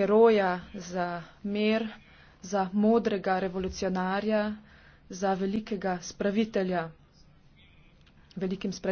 heroja, za mir, za modrega revolucionarja, za velikega spravitelja. Velikim spravitelj.